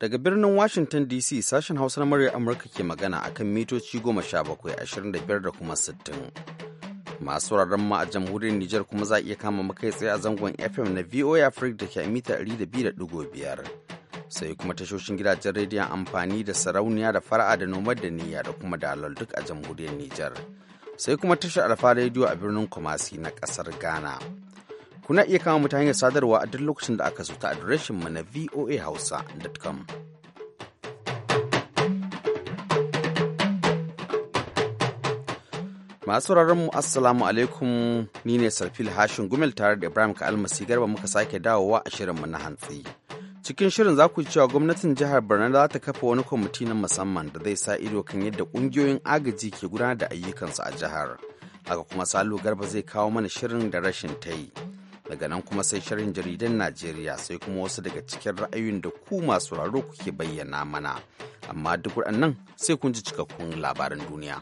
Daga birnin Washington DC sashen Hausa na murya Amurka ke magana a kan mitoci goma sha bakwai ashirin da biyar kuma sittin. Masu wuraren ma a jamhuriyar Nijar kuma za a iya kama makai tsaye a zangon FM na VOA Africa da ke a mita Sai kuma tashoshin gidajen rediyon amfani da sarauniya da fara'a da nomad da niyya da kuma dalol duk a jamhuriyar Nijar. Sai kuma tashar Alfa rediyo a birnin Kumasi na ƙasar Ghana. Kuna iya kama mutane ta sadarwa a duk lokacin da aka zo ta adireshin mu na voahausa.com. Masu mu Assalamu alaikum ni ne Sarfil Hashin Gumel tare da Ibrahim Ka'almasi Garba muka sake dawowa a shirin mu na hantsi. cikin shirin za ku ji cewa gwamnatin jihar borno za ta kafa wani kwamiti na musamman da zai sa ido kan yadda ƙungiyoyin agaji ke gudanar da ayyukansu a jihar haka kuma salu garba zai kawo mana shirin da rashin ta yi daga nan kuma sai shirin jaridan najeriya sai kuma wasu daga cikin ra'ayoyin da ku masu raro kuke bayyana mana amma duk waɗannan sai kun ji cikakkun labaran duniya.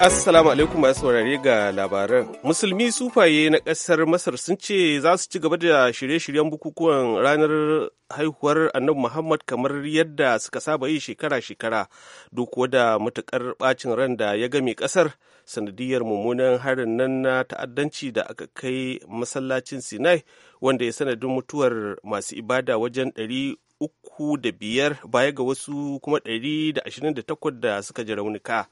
Assalamu alaikum masu saurare ga labaran. Musulmi sufaye na ƙasar Masar sun ce za su ci gaba da shirye-shiryen bukukuwan ranar haihuwar Annabi Muhammad kamar yadda suka saba yi shekara-shekara duk da matuƙar ɓacin ran da ya game ƙasar sanadiyar mummunan harin nan na ta'addanci da aka kai masallacin Sinai wanda ya sanadin mutuwar masu ibada wajen ɗari uku da biyar baya ga wasu kuma ɗari da ashirin da takwas da suka ji raunuka.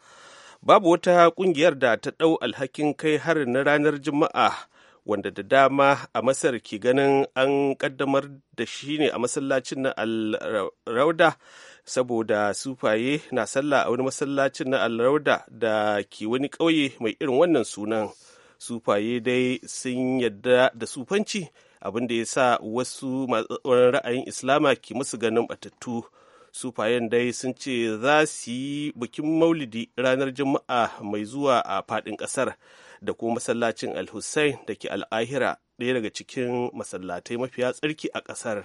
babu wata kungiyar da ta ɗau alhakin kai har na ranar juma'a wanda da dama a masar ke ganin an ƙaddamar da shi ne a masallacin na al-rauda saboda sufaye na sallah a wani masallacin na al da ke wani ƙauye mai irin wannan sunan sufaye dai sun yadda da sufanci abinda ya sa wasu ra'ayin islama ke musu ganin batattu sufayen dai sun ce za su yi bikin maulidi ranar juma'a mai zuwa a fadin kasar da kuma masallacin al-hussein da ke al'ahira ɗaya daga cikin masallatai mafiya tsarki a kasar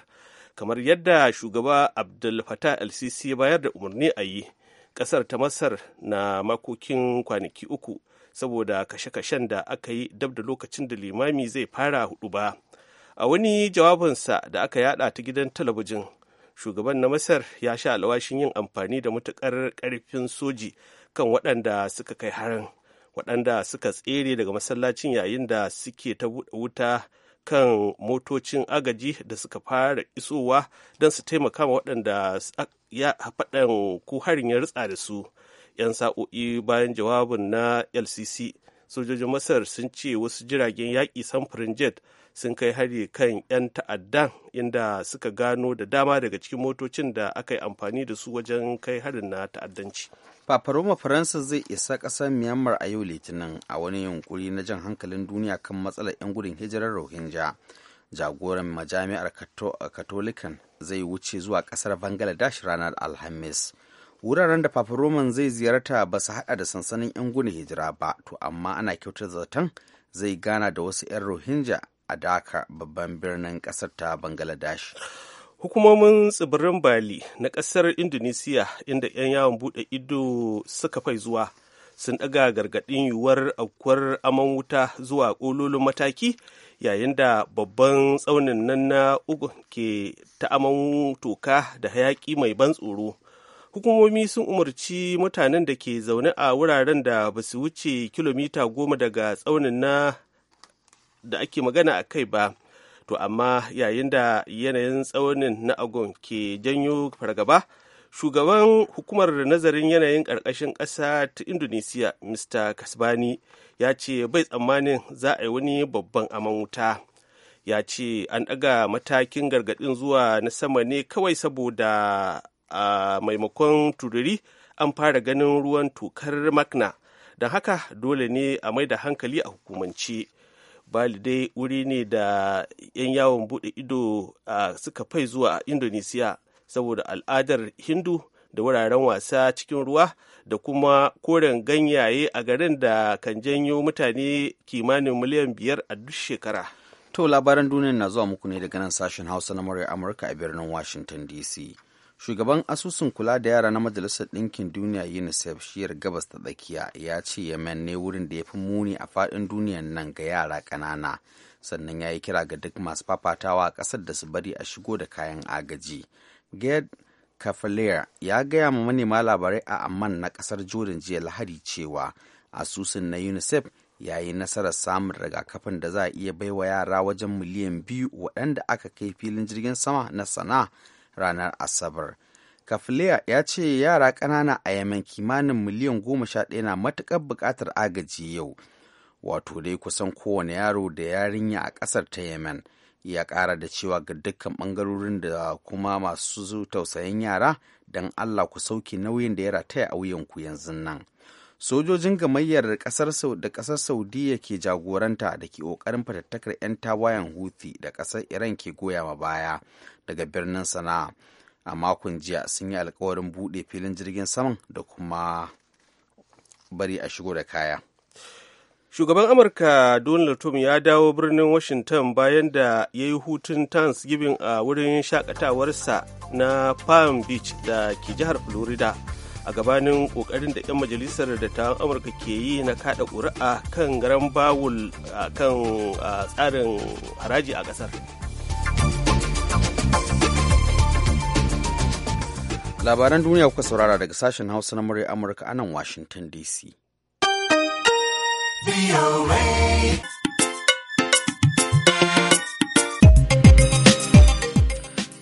kamar yadda shugaba abdul fatah al-sisi ya bayar da umarni a yi kasar ta masar na makokin kwanaki uku saboda kashe-kashen da aka yi dab da lokacin da limami zai fara hudu ba a wani jawabinsa da aka yada ta gidan talabijin shugaban na masar ya sha alawashin yin amfani da matukar ƙarfin soji kan waɗanda suka kai harin waɗanda suka tsere daga masallacin yayin da suke ta buɗe wuta kan motocin agaji da suka fara isowa don su taimaka ma waɗanda ya faɗan ko harin ya ritsa da su 'yan sa'o'i bayan jawabin na lcc sojojin masar sun ce wasu jiragen yaƙi samfurin jet sun kai hari kan 'yan ta'addan inda suka gano da dama daga cikin motocin da aka yi amfani da su wajen kai harin na ta'addanci. fafaroma Faransa zai isa ƙasar Myanmar a yau Litinin a wani yunkuri na jan hankalin duniya kan matsalar 'yan gudun hijirar Rohingya. Jagoran majami'ar Katolikan zai wuce zuwa ƙasar Bangladesh ranar Alhamis. Wuraren da fafaroman zai ziyarta ba su haɗa da sansanin 'yan gudun hijira ba, to amma ana kyautar zaton zai gana da wasu 'yan Rohingya a Dhaka babban birnin ƙasar ta Bangladesh. Hukumomin tsibirin Bali na ƙasar Indonesia inda 'yan yawon buɗe ido suka fai zuwa sun ɗaga gargaɗin yiwuwar aukuwar aman wuta zuwa ƙololin mataki yayin da babban tsaunin nan na ugu ke ta aman toka da hayaƙi mai ban tsoro hukumomi sun umarci mutanen da ke zaune a wuraren da ba su wuce kilomita goma daga tsaunin na da ake magana a kai ba to amma yayin da yanayin tsaunin na agon ke janyo fargaba shugaban hukumar nazarin yanayin ƙarƙashin ƙasa ta indonesia mr kasbani ya ce bai tsammanin za a yi wani babban aman wuta ya ce an ɗaga matakin gargaɗin zuwa na sama ne kawai saboda a maimakon tururi an fara ganin ruwan tokar makna don haka dole ne a mai da hankali a hukumance bali dai wuri ne da 'yan yawon bude ido suka fai zuwa indonesiya saboda al'adar hindu da wuraren wasa cikin ruwa da kuma koren ganyaye a garin da kan janyo mutane kimanin miliyan biyar a duk shekara to labaran duniya na zuwa muku ne daga nan sashen hausa na murya amurka a birnin washington dc shugaban asusun kula da yara na majalisar ɗinkin duniya unicef shiyar gabas ta tsakiya ya ce ya ne wurin da ya fi muni a faɗin duniyan nan ga yara ƙanana sannan ya yi kira ga duk masu fafatawa a ƙasar da su bari a shigo da kayan agaji gerd kafalier ya gaya ma manema labarai a amman na ƙasar jordan jiya lahadi cewa asusun na unicef ya yi nasarar samun rigakafin da za a iya baiwa yara wajen miliyan biyu waɗanda aka kai filin jirgin sama na sana'a ranar Asabar. Kafiliya ya ce yara ƙanana a Yemen kimanin miliyan goma sha ɗaya na matuƙar buƙatar agaji yau, wato dai kusan kowane yaro da yarinya a ƙasar ta Yemen. Ya ƙara da cewa ga dukkan ɓangarorin da kuma masu tausayin yara don Allah ku sauke nauyin da ya rataya a wuyanku yanzu nan. Sojojin gamayyar ƙasar da ƙasar Saudiya ke jagoranta da ke ƙoƙarin fatattakar 'yan tawayen Houthi da ƙasar Iran ke goya ma baya. daga birnin sana'a a makon jiya sun yi alkawarin buɗe filin jirgin saman da kuma bari a shigo da kaya shugaban amurka donald trump ya dawo birnin washington bayan da ya yi hutun thanksgiving a wurin shakatawarsa na palm beach da ke jihar florida a gabanin kokarin da 'yan majalisar da ta amurka ke yi na kada ƙuri'a kan garan bawul kan tsarin haraji a ƙasar Labaran duniya kuka saurara daga sashen Hausa na murya Amurka anan Washington DC.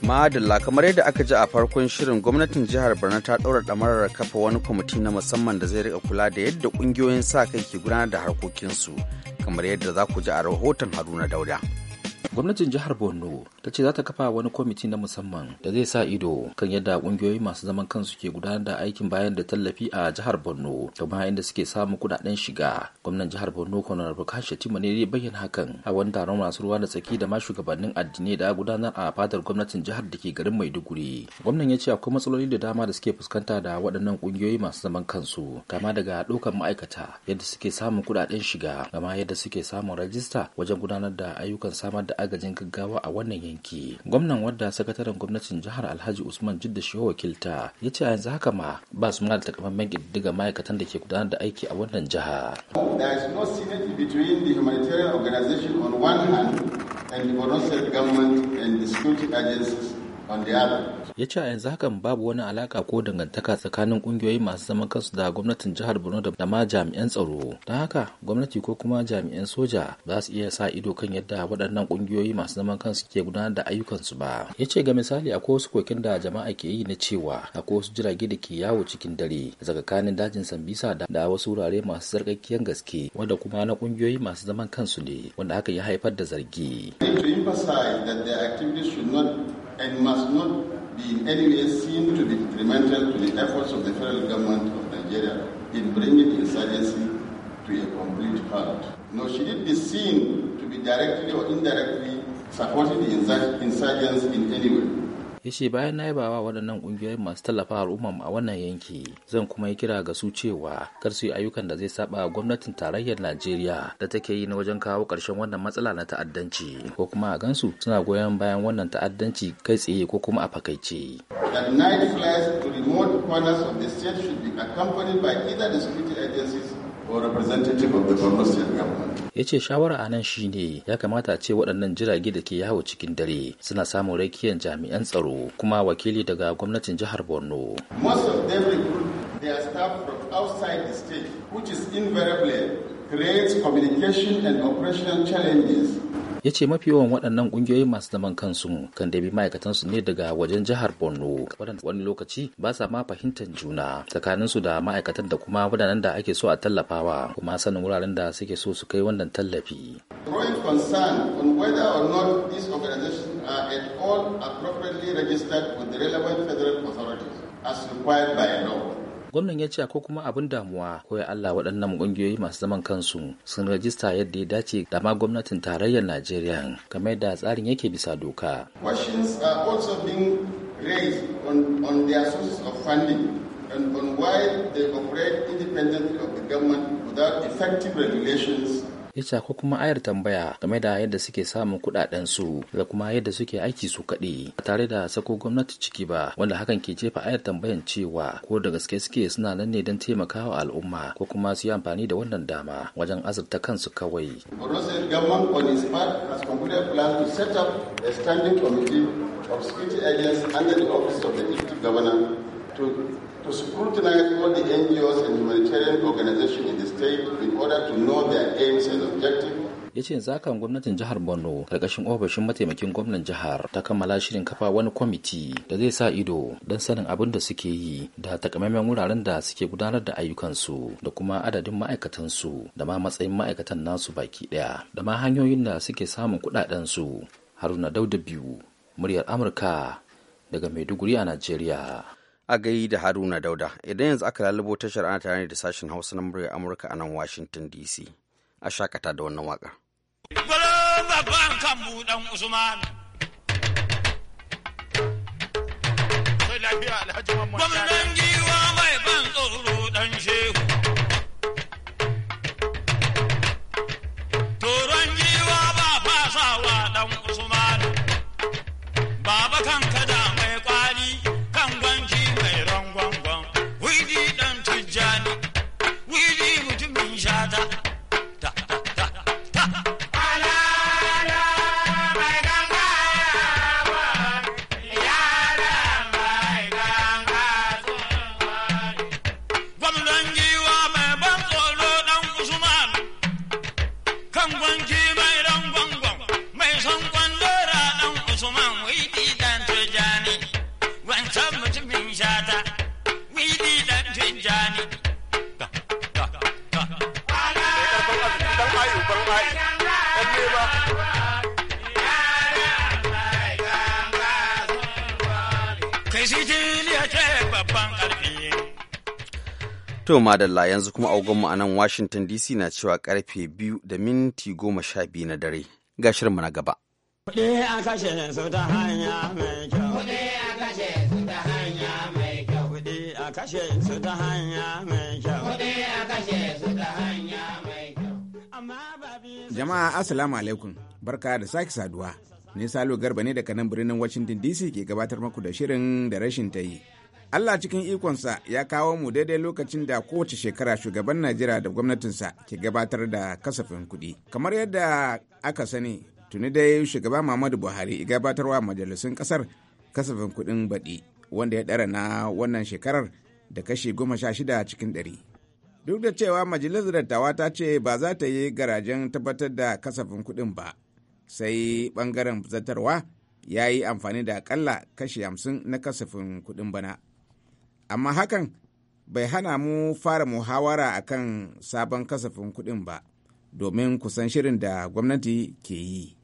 Madalla kamar yadda aka ji a farkon shirin gwamnatin jihar Borno ta ɗaura ɗamarar kafa wani kwamiti na musamman da zai rika kula da yadda ƙungiyoyin sa kai ke gudanar da harkokinsu kamar yadda za ku ji a rahoton Haruna Dauda. gwamnatin jihar borno ta ce za ta kafa wani kwamiti na musamman da zai sa ido kan yadda kungiyoyi masu zaman kansu ke gudanar da aikin bayan da tallafi a jihar borno da ma inda suke samun kudaden shiga gwamnan jihar borno kwanar bukashi shatima ne ya bayyana hakan a wani taron masu ruwa da tsaki da ma shugabannin addinai da gudanar a fadar gwamnatin jihar da ke garin maiduguri gwamnan ya ce akwai matsaloli da dama da suke fuskanta da waɗannan kungiyoyi masu zaman kansu kama daga ɗaukar ma'aikata yadda suke samun kudaden shiga da ma yadda suke samun rajista wajen gudanar da ayyukan samar da agajin gaggawa a wannan yanki gwamnan wadda sakataren gwamnatin jihar alhaji usman jidda shi wakilta ya ce a yanzu haka ma ba su mana da takamaiman ƙididdiga ma'aikatan da ke gudanar da aiki a wannan jiha there the government ya ce a yanzu hakan babu wani alaka ko dangantaka tsakanin kungiyoyi masu zaman kansu da gwamnatin jihar borno da ma jami'an tsaro don haka gwamnati ko kuma jami'an soja ba su iya sa ido kan yadda waɗannan kungiyoyi masu zaman kansu ke gudanar da ayyukansu ba ya ce ga misali akwai wasu kokin da jama'a ke yi na cewa akwai wasu jirage da ke yawo cikin dare tsakanin dajin sambisa da wasu wurare masu sarkakkiyar gaske wanda kuma na kungiyoyi masu zaman kansu ne wanda haka ya haifar da zargi. and must not be in any way seen to be detrimental to the efforts of the federal government of Nigeria in bringing insurgency to a complete halt. Nor should it be seen to be directly or indirectly supporting the insurgents in any way. yace bayan na yaba wa waɗannan ƙungiyoyi masu tallafa al'umma a wannan yanki zan kuma yi kira ga su cewa kar su yi ayyukan da zai saba gwamnatin tarayyar najeriya da take yi na wajen kawo ƙarshen wannan matsala na ta'addanci ko kuma a gansu suna goyon bayan wannan ta'addanci kai tsaye ko kuma a fakaice. that night flights to remote corners of the state should be accompanied by either the security agencies or representative of the Borno state government. ya ce shawara a nan shine ya kamata ce waɗannan jirage da ke yawo cikin dare suna samun rakiyar jami'an tsaro kuma wakili daga gwamnatin jihar borno most of them from outside the state which is invariably creates communication and operational challenges ya ce mafi yawan waɗannan ƙungiyoyi masu zaman kansu kan ma'aikatan ma'aikatansu ne daga wajen jihar borno waɗanda wani lokaci ba sa ma fahimtar juna tsakaninsu da ma'aikatan da kuma waɗannan da ake so a tallafawa kuma sanin wuraren da suke so su kai wannan tallafi. are at all as required by law. Gwamnan ya ce ko kuma abin damuwa ko ya Allah waɗannan ƙungiyoyi masu zaman kansu sun rajista yadda ya dace da ma gwamnatin tarayyar Najeriya game da tsarin yake bisa doka. Questions are also being raised on, their sources of funding and on why they operate independently of the government without effective regulations yace ko kuma ayar tambaya game da yadda suke samun kudaden su da kuma yadda suke aiki su kaɗe ba tare da sako gwamnati ciki ba wanda hakan ke jefa ayar tambayan cewa ko da gaske suke suna nan ne don taimakawa al'umma ko kuma su yi amfani da wannan dama wajen azurta kansu kawai. to to scrutinize all the NGOs and humanitarian organizations in the state in order to know their aims and objectives ya ce "Zakan gwamnatin jihar borno karkashin ofishin mataimakin gwamnan jihar ta kammala shirin kafa wani kwamiti da zai sa ido don sanin abin da suke yi da takamaiman wuraren da suke gudanar da ayyukansu da kuma adadin ma'aikatansu da ma matsayin ma'aikatan nasu baki ɗaya. da ma hanyoyin da suke samun kuɗaɗensu haruna dauda biyu muryar amurka daga maiduguri a najeriya a gai da haruna dauda idan yanzu aka lalubo tashar ana tare da sashen hausa na murya amurka a nan washington dc a shakata da wannan waka. Gwamnan giwa To madalla yanzu kuma mu a nan Washington DC na cewa karfe biyu da minti goma sha biyu na dare. Ga shirinmu na gaba. Jama'a asalamu alaikum. Barka da sake saduwa. Ni Salo Garba ne daga nan birnin Washington DC ke gabatar maku da shirin da rashin ta yi. Allah cikin ikonsa ya kawo mu daidai lokacin da kowace shekara shugaban Najeriya da gwamnatinsa ke gabatar da kasafin kuɗi. Kamar yadda aka sani, tuni dai shugaba Muhammadu Buhari gabatarwa majalisun ƙasar kasafin kuɗin baɗi wanda ya ɗara na wannan shekarar da kashi goma sha shida cikin ɗari. Duk da cewa majalisar dattawa ta ce ba za ta yi garajen tabbatar da kasafin kuɗin ba, sai ɓangaren zartarwa ya yi amfani da akalla kashi hamsin na kasafin kuɗin bana. amma hakan bai hana mu fara muhawara a kan sabon kasafin kuɗin ba domin kusan shirin da gwamnati ke yi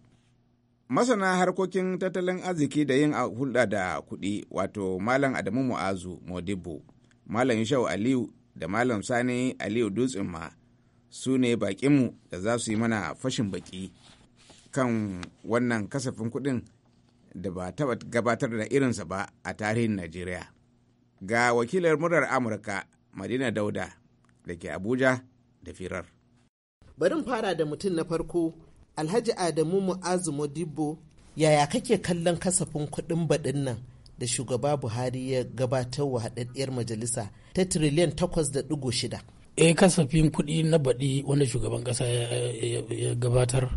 masana harkokin tattalin arziki da yin hulɗa da kuɗi wato malam adamu mu'azu modibo malam shau aliyu da malam sani aliyu dutsen ma su ne baƙinmu da za su yi mana fashin baƙi kan wannan kasafin kuɗin da ba taɓa gabatar da irinsa ba a tarihin najeriya Ga wakilar murar Amurka Madina Dauda da ke Abuja da firar. Barin fara da mutum na farko Alhaji Adamu Mu'azu Modibo yaya kake kallon kasafin kuɗin baɗin nan da shugaba Buhari ya gabatar wa haɗaɗɗiyar majalisa ta tiriliyan takwas da ɗigo shida. e kasafin kuɗi na baɗi wanda shugaban ƙasa ya gabatar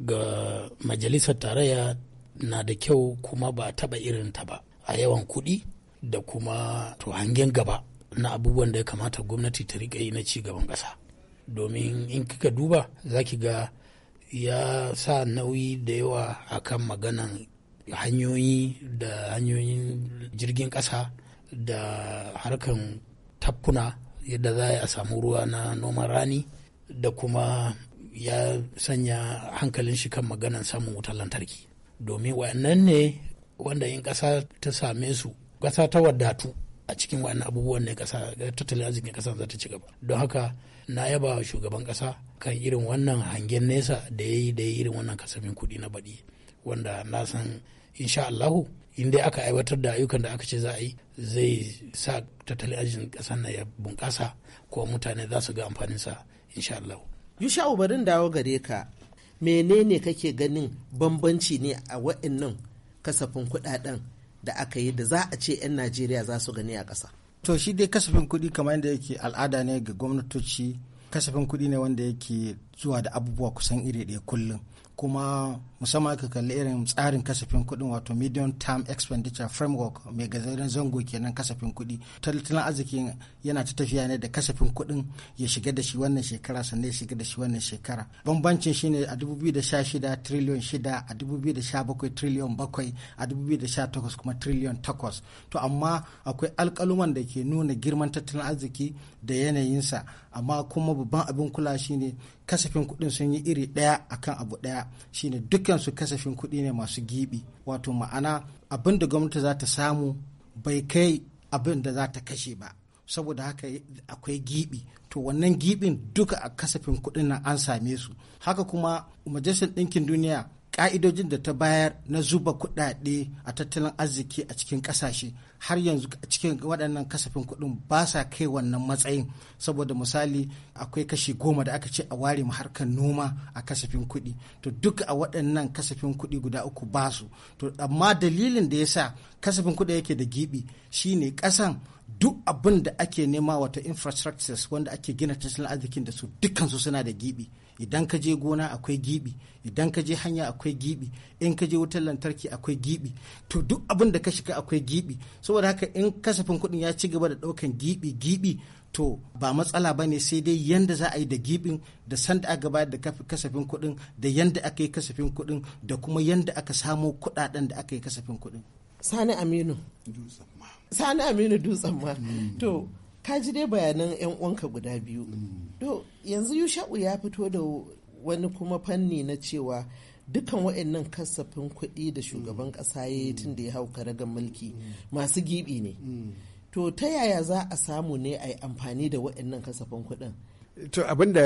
ga majalisar tarayya na da kyau kuma ba taba taɓa irin ta ba a yawan kuɗi da kuma to hangen gaba na abubuwan da ya kamata gwamnati ta riƙa yi na ci gaban ƙasa domin in kika duba za ki ga ya sa nauyi da yawa a kan maganan hanyoyi da hanyoyin jirgin ƙasa da harkan tafkuna yadda za a samu ruwa na noman rani da kuma ya sanya hankalin shi kan maganan samun wutar lantarki domin wayannan ne wanda in ƙasa ta same su kasa ta wadatu a cikin wani abubuwan ne kasa tattalin arzikin kasa za ta ci gaba don haka na yaba wa shugaban kasa kan irin wannan hangen nesa da ya yi da ya irin wannan kasafin kuɗi na baɗi wanda na san insha Allahu in dai aka aiwatar da ayyukan da aka ce za a yi zai sa tattalin arzikin kasa na ya bunƙasa ko mutane za su ga amfanin sa insha Allahu. Yusha'u barin dawo gare ka menene kake ganin bambanci ne a wa'annan kasafin kuɗaɗen da aka yi da za a ce 'yan najeriya za su gani a ƙasa to shi dai kasafin kuɗi kamar yadda yake al'ada ne ga gwamnatoci kasafin kuɗi ne wanda yake zuwa da abubuwa kusan iri ɗaya kullum kuma musamman ka kalli irin tsarin kasafin kuɗin wato medium term expenditure framework mai gazarin zango kenan kasafin kuɗi tattalin arzikin yana ta tafiya ne da kasafin kuɗin ya shiga da shi wannan shekara sannan ya shiga da shi wannan shekara bambancin shine a 2016 trillion 6 a 2017 trillion 7 a 2018 kuma trillion 8 to amma akwai alkaluman da ke nuna girman tattalin arziki da yanayinsa amma kuma babban abin kula shine kasafin kuɗin sun yi iri ɗaya akan abu ɗaya shine dukansu kasafin kuɗi ne masu gibi wato ma'ana abin da gwamnati za ta samu bai kai abin da za ta kashe ba saboda haka akwai gibi to wannan gibin duka a kasafin kuɗin nan an same su haka kuma majalisar ɗinkin duniya ka'idojin da ta bayar na zuba kuɗaɗe a tattalin arziki a cikin kasashe har yanzu a cikin waɗannan kasafin kuɗin ba sa kai wannan matsayin saboda misali akwai kashi goma da aka ce a ware mu harkar noma a kasafin kuɗi to duk a waɗannan kasafin kuɗi guda uku ba su to amma dalilin da ya sa kasafin kuɗi yake da giɓi shine kasan duk abin da ake nema wata infrastructures wanda ake gina tattalin arzikin da su dukkansu suna da gibi idan ka je gona akwai gibi idan ka je hanya akwai gibi in ka je wutar lantarki akwai gibi to duk abin da ka shiga akwai gibi saboda haka in kasafin kuɗin ya ci gaba da ɗaukan gibi gibi to ba matsala ba ne sai dai yanda za a yi da gibin da sanda a gaba da kasafin kuɗin da yanda aka yi kasafin kuɗin da kuma yanda aka samo kuɗaɗen da aka yi kasafin kuɗin sani aminu sani aminu dutsen ma to ka ji dai bayanan 'yan uwanka guda biyu to yanzu yusha'u ya fito da wani kuma fanni na cewa dukan waɗannan kasafin kuɗi da shugaban ƙasa ya yi tun da ya hau karagar mulki masu gibi ne to ta yaya za a samu ne a yi amfani da waɗannan kasafin kuɗin to abin da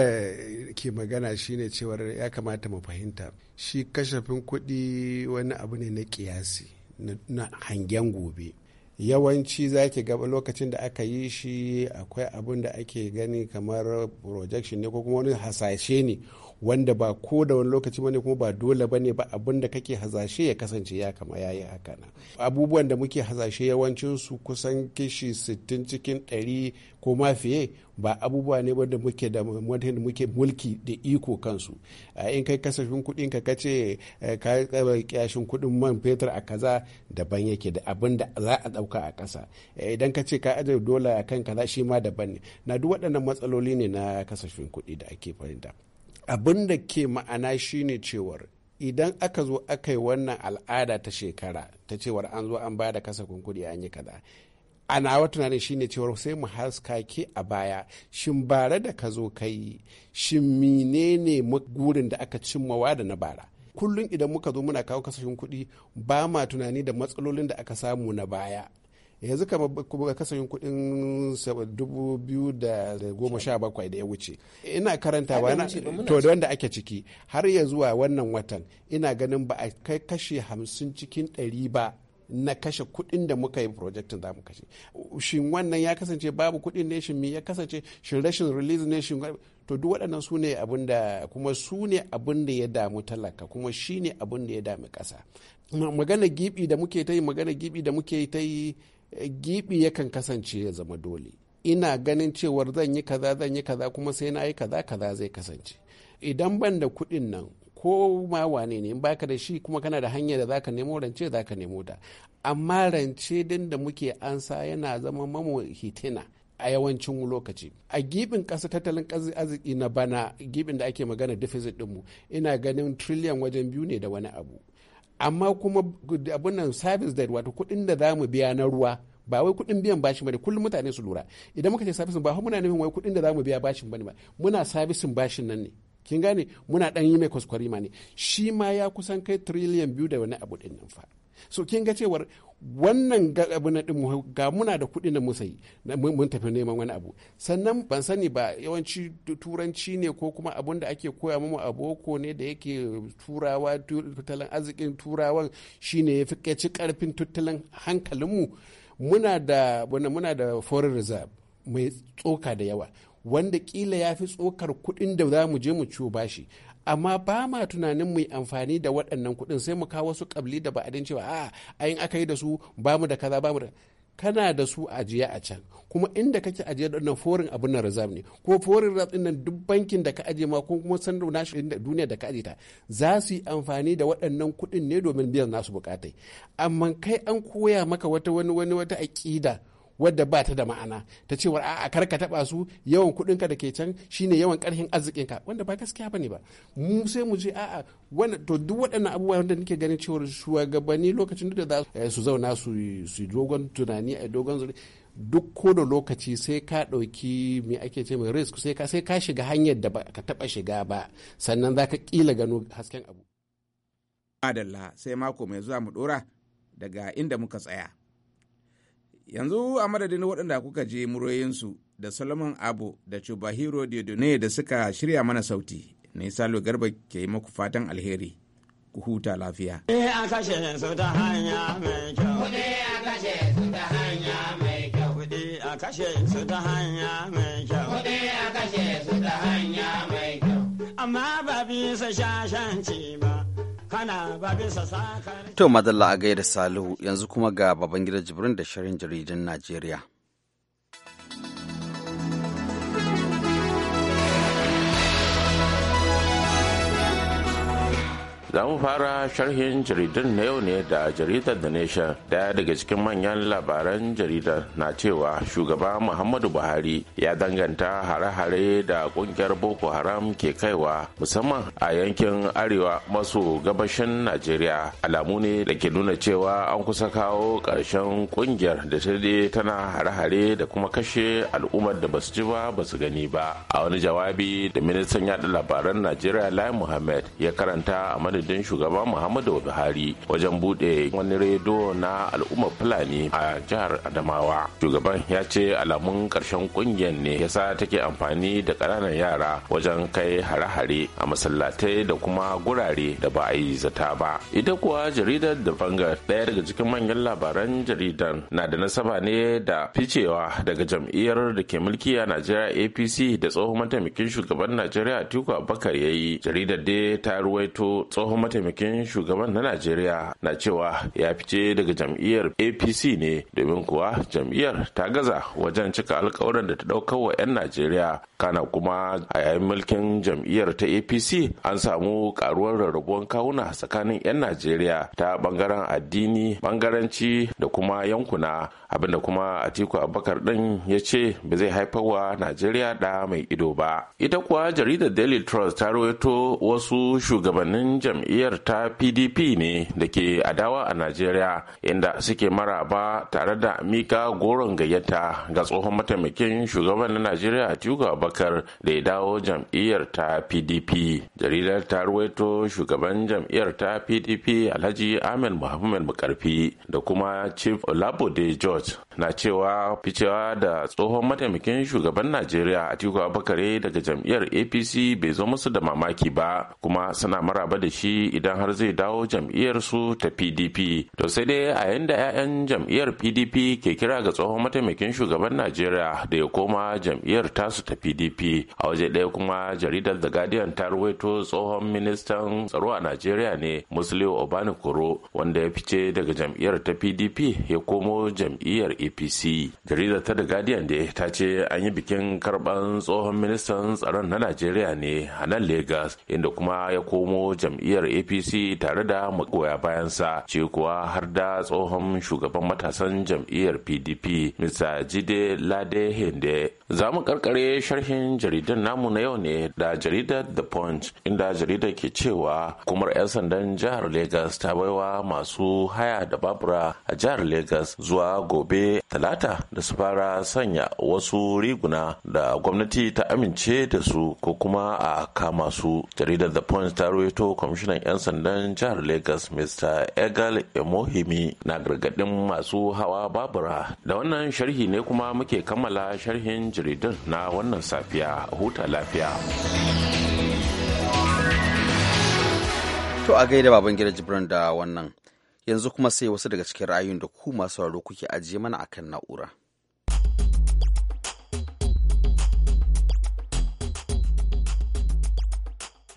ke magana shine cewar ya kamata mu fahimta shi kashafin kuɗi wani abu ne na kiyasi na hangen gobe yawanci za ki gaba lokacin da aka yi shi akwai abin da ake gani kamar projection ne ko kuma wani hasashe ne wanda ba ko da wani lokaci bane kuma ba dole bane ba abin da kake hazashe ya kasance ya kama yayi haka nan abubuwan da muke hazashe yawancin su kusan kishi 60 cikin 100 ko ma fiye ba abubuwa ne wanda muke da muke mulki da iko kansu in kai kasafin kuɗin ka kace eh, ka kyashin kuɗin man fetur a kaza daban yake da abin da za a ɗauka a ƙasa eh, idan ka ce ka aje dola a kan kaza shi ma daban ne na duk waɗannan matsaloli ne na kasafin kuɗi da ake fahimta abin da ke ma'ana shine cewar idan aka zo aka yi wannan al'ada ta shekara ta cewar an zo an ba da kasafin kuɗi an yi kaza a nawa tunanin shine cewar sai mu haska ke a baya shin bara da ka zo ka yi shin menene gurin da aka cimmawa da na bara kullum idan muka zo muna kawo kasashen kuɗi ba ma tunani da matsalolin da aka samu na baya yanzu kamar kasafin kuɗin dubu biyu da goma sha bakwai da ya wuce ina karanta ba to da wanda ake ciki har ya zuwa wannan watan ina ganin ba a kai kashe hamsin cikin ɗari ba na kashe kuɗin da muka yi projectin za mu kashe shin wannan ya kasance babu kuɗin ne shin me ya kasance shin rashin release ne shin to duk waɗannan su ne abin da kuma su ne abin da ya damu talaka kuma shi ne abin da ya damu ƙasa magana gibi da muke ta yi magana gibi da muke ta yi gibi yakan kasance ya zama dole ina ganin cewar zan yi kaza zan yi kaza kuma sai na yi kaza kaza zai kasance idan ban da kuɗin nan ko ma wane ne baka da shi kuma kana da hanyar da zaka nemo rance zaka nemo ta amma rance din da muke ansa yana zama mamo hitina a yawancin lokaci a gibin ƙasa tattalin arziki na bana gibin da ake magana deficit dinmu ina ganin trillion wajen biyu ne da wani abu amma kuma abin nan service debt wato kuɗin da za mu biya na ruwa ba wai kuɗin biyan bashin bane kullum mutane su lura idan muka ce service ba muna nufin wai kuɗin da za mu biya bashin bane ba muna sabisin bashin nan ne kin gane muna ɗan yi mai ma ne shi ma ya kusan kai trillion biyu da wani abu ɗin nan fa so kin ga cewar wannan abu na ɗin ga muna da kuɗi na musayi mun tafi neman wani abu sannan ban sani ba yawanci turanci ne ko kuma abun da ake koya mu a boko ne da yake turawa tattalin arzikin turawan shine ya fi karfin tattalin hankalinmu muna da muna da foreign reserve mai tsoka da yawa wanda kila ya fi tsokar kuɗin da za mu je mu ciwo bashi amma ba ma tunanin mu amfani da waɗannan kuɗin sai mu kawo wasu ƙabli da ba'adin cewa a ayin aka yi da su ba mu da kaza ba mu da kana da su ajiye a can kuma inda kake ajiye da nan forin abin na reserve ne ko forin reserve din nan duk bankin da ka ajiye ma ko kuma na national duniya da ka ajiye ta za su yi amfani da waɗannan kuɗin ne domin biyan nasu bukatai amma kai an koya maka wata wani wani wata aƙida wadda ba ta da ma'ana ta cewar a kar ka taba su yawan kuɗin ka da ke can shine yawan karhin arzikin ka wanda ba gaskiya bane ba mu sai mu je a'a wannan to duk waɗannan abubuwa wanda nake ganin cewa shugabanni lokacin da za eh, su zauna su su dogon tunani a dogon zuri duk ko da lokaci sai ka ɗauki me ake ce mai risk sai ka sai ka shiga hanyar da ba ka taɓa shiga ba sannan za ka ƙila gano hasken abu. Adalla sai mako mai zuwa mu ɗora daga inda muka tsaya. yanzu a madadin waɗanda kuka je muroyinsu da solomon abu da chubahiro diodone da suka shirya mana sauti ne salo garba ke yi maku fatan alheri ku huta lafiya amma ba bisa shashanci ba To madalla a gaida Salihu yanzu kuma ga Babangida Jibrin da shirin jaridan Najeriya. Za mu fara sharhin jaridun na yau ne da jaridar da Nation. Daya daga cikin manyan labaran jaridar na cewa shugaba Muhammadu Buhari ya danganta hare-hare da kungiyar Boko Haram ke kaiwa musamman a yankin arewa maso gabashin Najeriya. Alamu ne da ke nuna cewa an kusa kawo ƙarshen kungiyar da ta tana hare-hare da kuma kashe al'ummar da basu ji ba basu gani ba. A wani jawabi da ministan yada labaran Najeriya Lai Muhammad ya karanta a madadin takardun shugaba muhammadu buhari wajen bude wani redo na al'ummar fulani a jihar adamawa shugaban ya ce alamun karshen kungiyar ne yasa take amfani da ƙananan yara wajen kai hare-hare a masallatai da kuma gurare da ba a yi zata ba ita kuwa jaridar da banga ɗaya daga cikin manyan labaran jaridan na da nasaba ne da ficewa daga jam'iyyar da ke mulki a najeriya apc da tsohon mataimakin shugaban najeriya atiku abubakar ya yi jaridar dai ta ruwaito tsohon tsohon mataimakin shugaban na najeriya na cewa ya fice daga jam'iyyar apc ne domin kuwa jam'iyyar ta gaza wajen cika alkawarin da ta ɗaukar wa 'yan najeriya kana kuma a yayin mulkin jam'iyyar ta apc an samu karuwar rarrabuwar kawuna tsakanin 'yan najeriya ta bangaren addini bangaranci da kuma yankuna abinda kuma atiku abubakar din ya ce ba zai haifar wa najeriya da mai ido ba ita kuwa jaridar daily trust ta rawaito wasu shugabannin jam'iyyar jam'iyyar ta pdp ne da ke adawa a najeriya inda suke maraba tare da mika goron gayyata ga tsohon mataimakin shugaban na najeriya atiku abakar da ya dawo jam'iyyar ta pdp jaridar ta ruwaito shugaban jam'iyyar ta pdp alhaji ahmed muhammad mukarfi da kuma chief olabode george na cewa ficewa da tsohon mataimakin shugaban najeriya atiku abakare daga jam'iyyar apc bai zo musu da mamaki ba kuma suna maraba da shi mataki idan har zai dawo jam'iyyar su ta pdp to sai dai a yanda 'ya'yan jam'iyyar pdp ke kira ga tsohon mataimakin shugaban najeriya da ya koma jam'iyyar tasu ta pdp a waje ɗaya kuma jaridar the guardian ta ruwaito tsohon ministan tsaro a najeriya ne musliu obanikoro wanda ya fice daga jam'iyyar ta pdp ya komo jam'iyyar apc jaridar ta the guardian da ta ce an yi bikin karban tsohon ministan tsaron na najeriya ne a nan lagos inda kuma ya komo jam'iyyar jam'iyyar apc tare da magoya bayansa ce kuwa har da tsohon shugaban matasan jam'iyyar pdp mr jide lade hende za mu karkare sharhin jaridar namu na yau ne da jaridar the punch inda jaridar ke cewa kumar 'yan sandan jihar lagos ta baiwa masu haya da babura a jihar lagos zuwa gobe talata da su fara sanya wasu riguna da gwamnati ta amince da su ko kuma a kama su jaridar the punch ta ruwaito kwamishin kwamishinan 'yan sandan jihar lagos mr egal emohimi na gargadin masu hawa babura da wannan sharhi ne kuma muke kammala sharhin jaridun na wannan safiya huta lafiya to a gaida baban gida jibran da wannan yanzu kuma sai wasu daga cikin ra'ayoyin da ku masu kuke ajiye mana akan na'ura.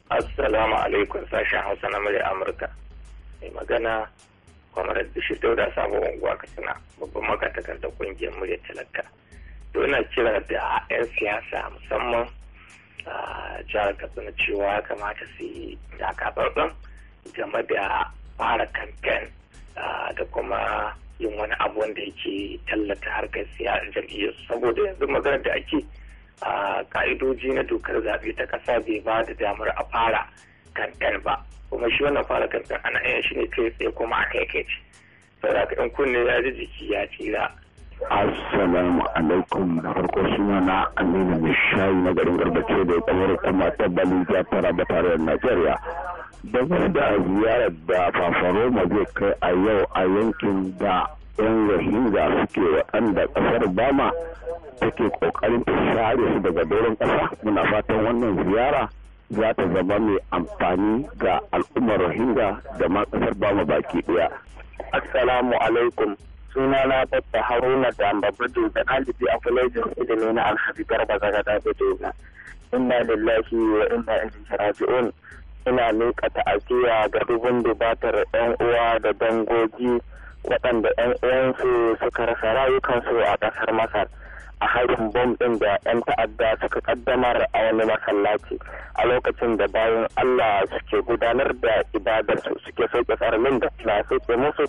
Assalamu alaikum sashen Hausa na Mali Amurka. Mai magana kwamarar Bishir Dauda Sabo Unguwa Katsina babban makatakar da kungiyar Mali talaka. Dona kira da 'yan siyasa musamman a jihar Katsina cewa ya kamata su yi takabarban game da fara kamfen da kuma yin wani abu wanda yake tallata harkar jam'iyyar saboda yanzu maganar da ake a ka'idoji na dokar zaɓe ta ƙasa bai ba da damar a fara kankan ba kuma shi wannan fara kankan ana yin shi ne kai tsaye kuma a kai kai ce saboda ka ɗan kunne ya ji jiki ya tsira Assalamu alaikum da farko suna na Aminu mai shayi na garin garbace da kamar kuma ta Balija tara ba tare da Najeriya. da ziyarar da Fafaroma zai kai a yau a yankin da 'yan rohingya suke waɗanda ƙasar bama take ƙoƙarin ta share su daga doron ƙasa muna fatan wannan ziyara za ta zama mai amfani ga al'ummar rohingya da ma ƙasar bama baki ɗaya assalamu alaikum suna na babba haruna da ambabudu da ɗalibi a kwalejin ilimi na alhaji garba zaga da na inna lillahi wa inna ilaihi raji'un ina miƙa ta'aziyya ga dubun dubatar 'yan uwa da dangogi waɗanda 'yan uwansu suka rasa rayukansu a ƙasar masar a harin bom ɗin da 'yan ta'adda suka kaddamar a wani masallaci a lokacin da bayan allah suke gudanar da ibadarsu suke sauke tsarmin da na sauke musu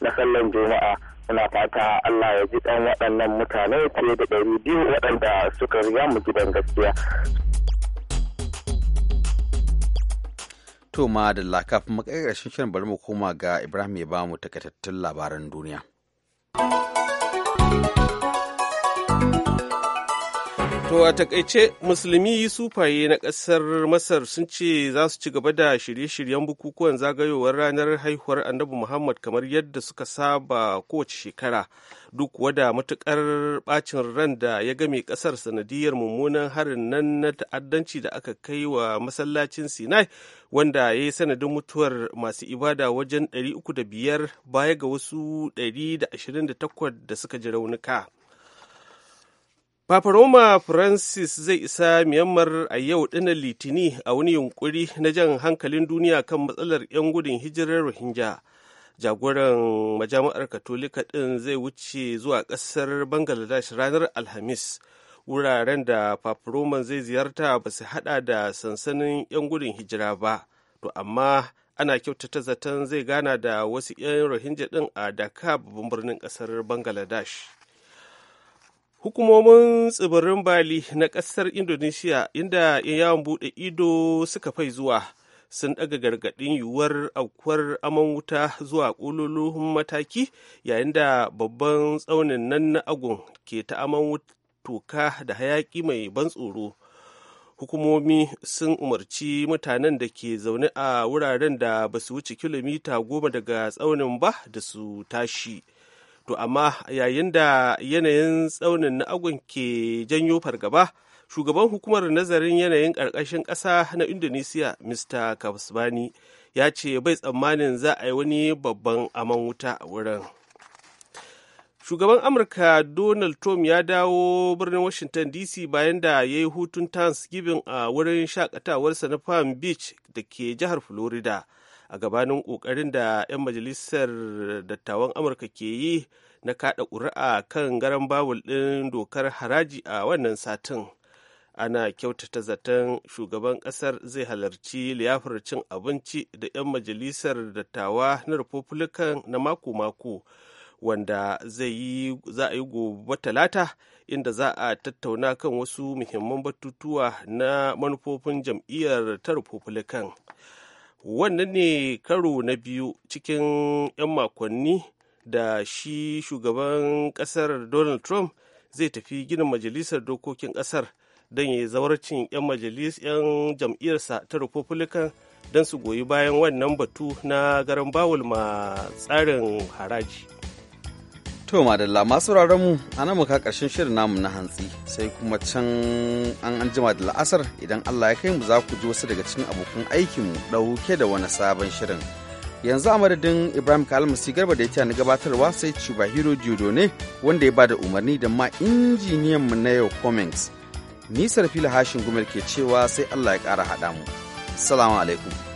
na sallan juma'a muna fata allah ya ji ɗan waɗannan mutane fiye da ɗari biyu waɗanda suka riga mu gidan gaskiya To ma da lakafin makaikashin shirin bari mu koma ga Ibrahim ya ba bamu takaitattun labaran duniya. To a takaice musulmi sufaye na ƙasar Masar sun ce za su ci gaba da shirye-shiryen bukukuwan zagayowar ranar haihuwar Annabi Muhammad kamar yadda suka saba kowace shekara duk wada da matuƙar ɓacin ran da ya game ƙasar sanadiyar mummunan harin nan na ta'addanci da aka kai wa masallacin Sinai wanda ya yi sanadin mutuwar masu ibada wajen 305 baya ga wasu 128 da suka ji raunuka. Papa Roma Francis zai isa Myanmar a yau ɗinnan Litini a wani yunƙuri na jan hankalin duniya kan matsalar 'yan gudun hijirar Rohingya. Jagoran majami'ar Katolika ɗin zai wuce zuwa ƙasar Bangladesh ranar Alhamis. Wuraren da Papa Roman zai ziyarta ba su haɗa da sansanin 'yan gudun hijira ba, to amma ana kyautata zaton zai gana da wasu 'yan Rohingya ɗin a Dhaka babban birnin ƙasar Bangladesh. hukumomin tsibirin bali na ƙasar indonesiya inda yawon buɗe ido suka fai zuwa sun ɗaga gargaɗin yiwuwar aukuwar aman wuta zuwa ƙololuhun mataki yayin da babban tsaunin nan na agun ke ta aman toka da hayaƙi mai ban tsoro hukumomi sun umarci mutanen da ke zaune a wuraren da ba su wuce kilomita goma daga tsaunin ba da su tashi to amma yayin da yanayin tsaunin na agun ke janyo fargaba shugaban hukumar nazarin yanayin ƙarƙashin ƙasa na Indonesia, mr kasbani ya ce bai tsammanin za a yi wani babban aman wuta a wurin shugaban amurka donald trump ya dawo birnin washington dc bayan da ya yi hutun thanksgiving a wurin shakatawarsa na palm beach da ke jihar florida a gabanin ƙoƙarin da 'yan majalisar dattawan amurka ke yi na kaɗa ƙuri'a kan garan babul ɗin dokar haraji a wannan satin ana kyautata zaton shugaban ƙasar zai halarci liyafar cin abinci da 'yan majalisar dattawa na republican na mako-mako wanda zai yi za a yi gobe talata inda za a tattauna kan wasu muhimman batutuwa na manufofin jam'iyyar ta republican wannan ne karo na biyu cikin 'yan makonni da shi shugaban kasar donald trump zai tafi gina majalisar dokokin kasar don ya zawarcin 'yan majalis 'yan jam'iyyarsa ta republican don su goyi bayan wannan batu na garan bawul ma tsarin haraji To madalla masu mu a muka karshen shirin namu na hantsi sai kuma can an anjima da la'asar idan Allah ya kai mu za ku ji wasu daga cikin abokan aikinmu ɗauke da wani sabon shirin. Yanzu a madadin Ibrahim Kalmasi Garba da ya na gabatarwa sai Cibahiro Judo ne wanda ya bada umarni da ma injiniyan mu na yau comments. Ni fila hashin gumel ke cewa sai Allah ya ƙara haɗa mu. Assalamu alaikum.